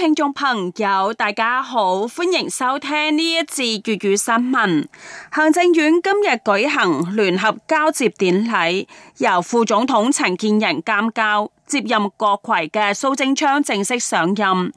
聽眾朋友，大家好，歡迎收聽呢一節粵語新聞。行政院今日舉行聯合交接典禮，由副總統陳建仁監交。接任閣揆嘅蘇貞昌正式上任，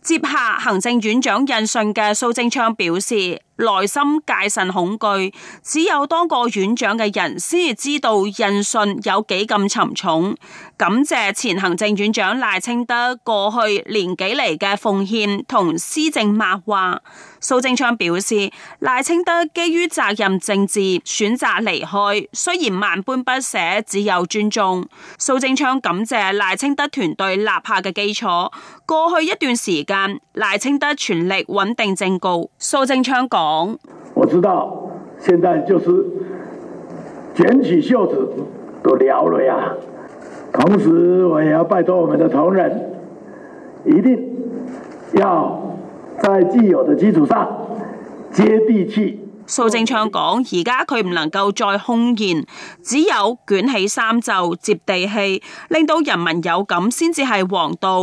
接下行政院長印信嘅蘇貞昌表示，內心戒慎恐懼，只有當過院長嘅人先知道印信有幾咁沉重。感謝前行政院長賴清德過去年幾嚟嘅奉獻同施政擘畫。蘇貞昌表示，賴清德基於責任政治選擇離開，雖然萬般不捨，只有尊重。蘇貞昌感謝賴清德團隊立下嘅基礎。過去一段時間，賴清德全力穩定政局。蘇貞昌講：我知道，現在就是捲起袖子都撩落去呀、啊。同時，我也要拜託我們的同仁，一定要。在自由嘅基礎上接地氣。蘇貞昌講：而家佢唔能夠再空言，只有捲起衫袖接地氣，令到人民有感先至係王道。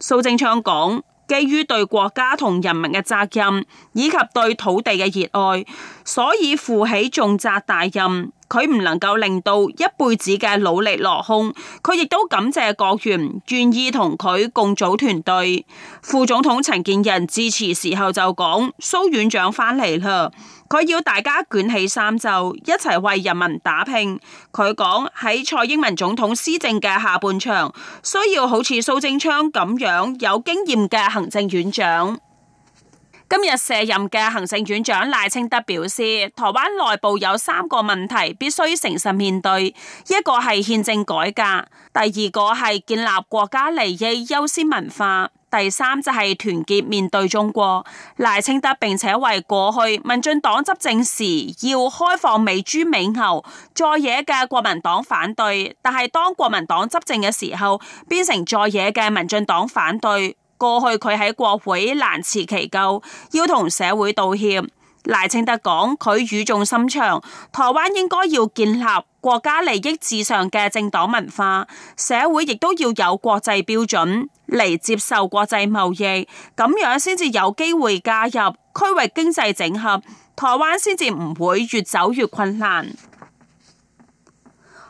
蘇貞昌講：基於對國家同人民嘅責任，以及對土地嘅熱愛，所以負起重責大任。佢唔能夠令到一輩子嘅努力落空，佢亦都感謝閣員願意同佢共組團隊。副總統陳建仁致辭時候就講，蘇院長返嚟啦，佢要大家捲起衫袖一齊為人民打拼。佢講，喺蔡英文總統施政嘅下半場，需要好似蘇貞昌咁樣有經驗嘅行政院長。今日卸任嘅行政院長賴清德表示，台灣內部有三個問題必須誠實面對，一個係憲政改革，第二個係建立國家利益優先文化，第三就係團結面對中國。賴清德並且為過去民進黨執政時要開放美豬美牛，在野嘅國民黨反對，但係當國民黨執政嘅時候，變成在野嘅民進黨反對。過去佢喺國會難辭其咎，要同社會道歉。賴清德講，佢語重心長，台灣應該要建立國家利益至上嘅政黨文化，社會亦都要有國際標準嚟接受國際貿易，咁樣先至有機會加入區域經濟整合，台灣先至唔會越走越困難。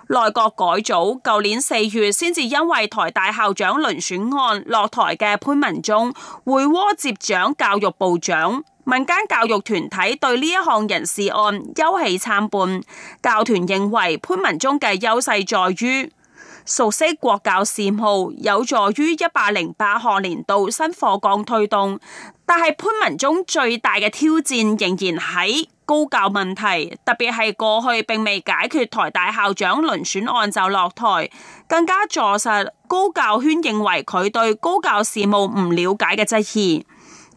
內閣改組，舊年四月先至因為台大校長遴選案落台嘅潘文忠回鍋接掌教育部長。民間教育團體對呢一項人事案憂喜參半，教團認為潘文忠嘅優勢在於。熟悉國教事務，有助於一百零八學年度新課綱推動，但係潘文忠最大嘅挑戰仍然喺高教問題，特別係過去並未解決台大校長遴選案就落台，更加坐實高教圈認為佢對高教事務唔了解嘅質疑。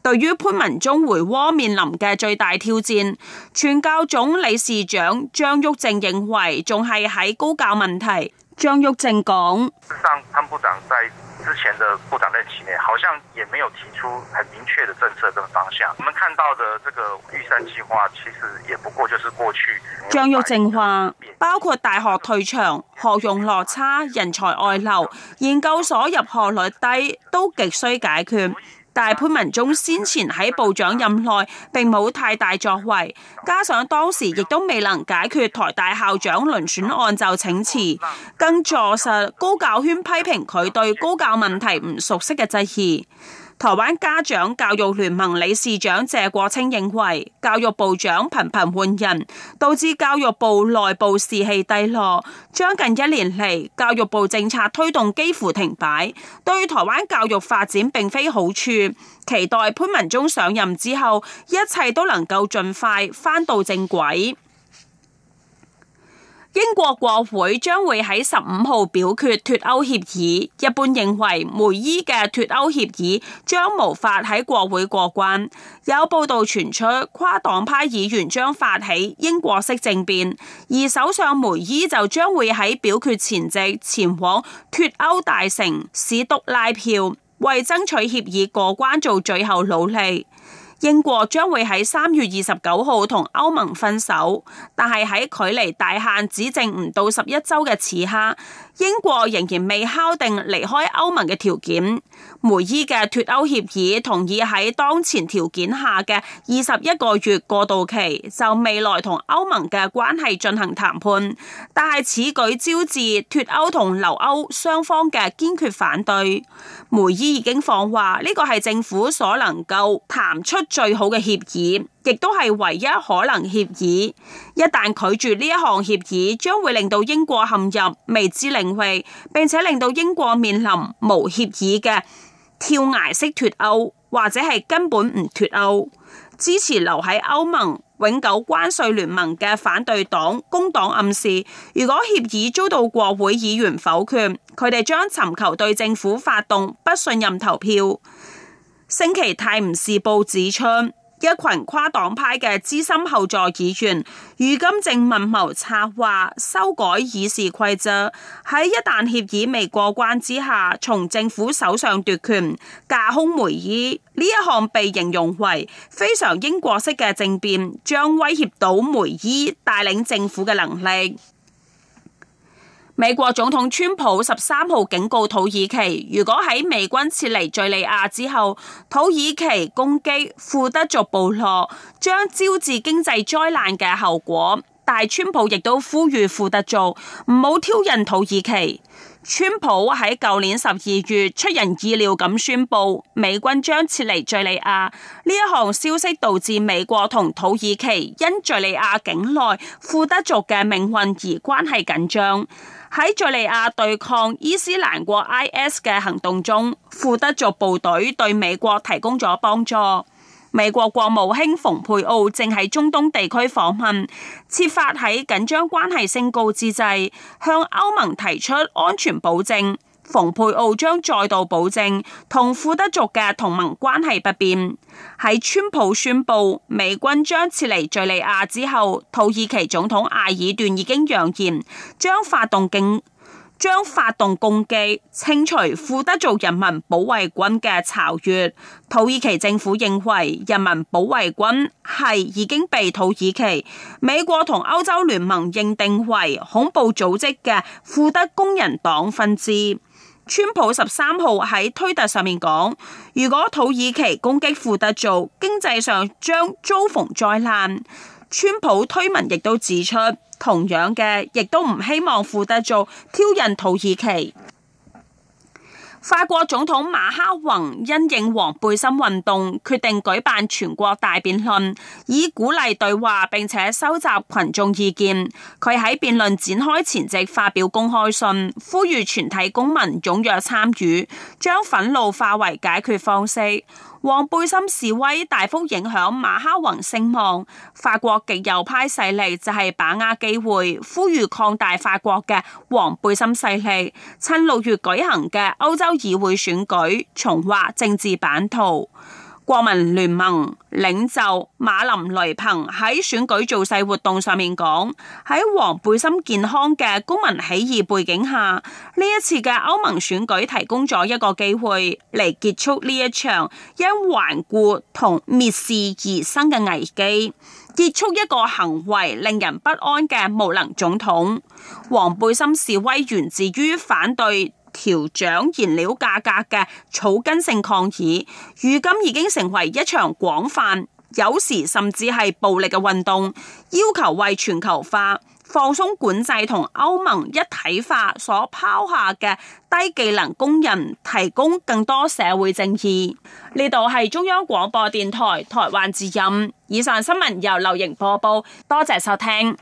對於潘文忠回鍋面臨嘅最大挑戰，全教總理事長張旭政認為仲係喺高教問題。張玉靖講：上潘部長在之前的部長任期內，好像也沒有提出很明確的政策跟方向。我們看到的這個預算計劃，其實也不過就是過去。張玉靖話：包括大學退場、學用落差、人才外流、研究所入學率低，都極需解決。大潘文忠先前喺部長任內並冇太大作為，加上當時亦都未能解決台大校長遴選案就請辭，更坐實高教圈批評佢對高教問題唔熟悉嘅質疑。台灣家長教育聯盟理事長謝國清認為，教育部長頻頻換人，導致教育部內部士氣低落。將近一年嚟，教育部政策推動幾乎停擺，對台灣教育發展並非好處。期待潘文忠上任之後，一切都能夠盡快返到正軌。英國國會將會喺十五號表決脫歐協議，一般認為梅伊嘅脫歐協議將無法喺國會過關。有報道傳出，跨黨派議員將發起英國式政變，而首相梅伊就將會喺表決前夕前往脫歐大城市督拉票，為爭取協議過關做最後努力。英國將會喺三月二十九號同歐盟分手，但係喺距離大限只剩唔到十一週嘅此刻。英國仍然未敲定離開歐盟嘅條件，梅伊嘅脱歐協議同意喺當前條件下嘅二十一個月過渡期就未來同歐盟嘅關係進行談判，但係此舉招致脱歐同留歐雙方嘅堅決反對。梅伊已經放話，呢個係政府所能夠談出最好嘅協議。亦都係唯一可能協議。一旦拒絕呢一項協議，將會令到英國陷入未知領域，並且令到英國面臨無協議嘅跳崖式脫歐，或者係根本唔脫歐。支持留喺歐盟永久關稅聯盟嘅反對黨工黨暗示，如果協議遭到國會議員否決，佢哋將尋求對政府發動不信任投票。星期泰晤士報指出。一群跨黨派嘅資深後座議員，如今正密謀策劃修改議事規則，喺一旦協議未過關之下，從政府手上奪權架空梅伊。呢一項被形容為非常英國式嘅政變，將威脅到梅伊帶領政府嘅能力。美國總統川普十三號警告土耳其，如果喺美軍撤離敘利亞之後，土耳其攻擊庫德族部落，將招致經濟災難嘅後果。但川普亦都呼籲庫德族唔好挑釁土耳其。川普喺舊年十二月出人意料咁宣佈美軍將撤離敘利亞，呢一項消息導致美國同土耳其因敘利亞境內庫德族嘅命運而關係緊張。喺敘利亞對抗伊斯蘭國 IS 嘅行動中，庫德族部隊對美國提供咗幫助。美國國務卿蓬佩奧正喺中東地區訪問，設法喺緊張關係升高之際向歐盟提出安全保證。蓬佩奧將再度保證同庫德族嘅同盟關係不變。喺川普宣布美軍將撤離敘利亞之後，土耳其總統艾爾段已經揚言將發動警。將發動攻擊，清除庫德族人民保衛軍嘅巢穴。土耳其政府認為人民保衛軍係已經被土耳其、美國同歐洲聯盟認定為恐怖組織嘅庫德工人黨分支。川普十三號喺推特上面講，如果土耳其攻擊庫德族，經濟上將遭逢災難。川普推文亦都指出：同樣嘅，亦都唔希望負得做挑釁土耳其。法國總統馬克宏因應黃背心運動，決定舉辦全國大辯論，以鼓勵對話並且收集群眾意見。佢喺辯論展開前夕發表公開信，呼籲全體公民踴躍參與，將憤怒化為解決方式。黃背心示威大幅影響馬克宏聲望，法國極右派勢力就係把握機會，呼籲擴大法國嘅黃背心勢力，趁六月舉行嘅歐洲議會選舉，重劃政治版圖。國民聯盟領袖馬林雷朋喺選舉造勢活動上面講：喺黃背心健康嘅公民起義背景下，呢一次嘅歐盟選舉提供咗一個機會嚟結束呢一場因頑固同蔑視而生嘅危機，結束一個行為令人不安嘅無能總統。黃背心示威源自於反對。調漲燃料價格嘅草根性抗議，如今已經成為一場廣泛、有時甚至係暴力嘅運動，要求為全球化、放鬆管制同歐盟一體化所拋下嘅低技能工人提供更多社會正義。呢度係中央廣播電台台灣之音，以上新聞由劉瑩播報，多謝收聽。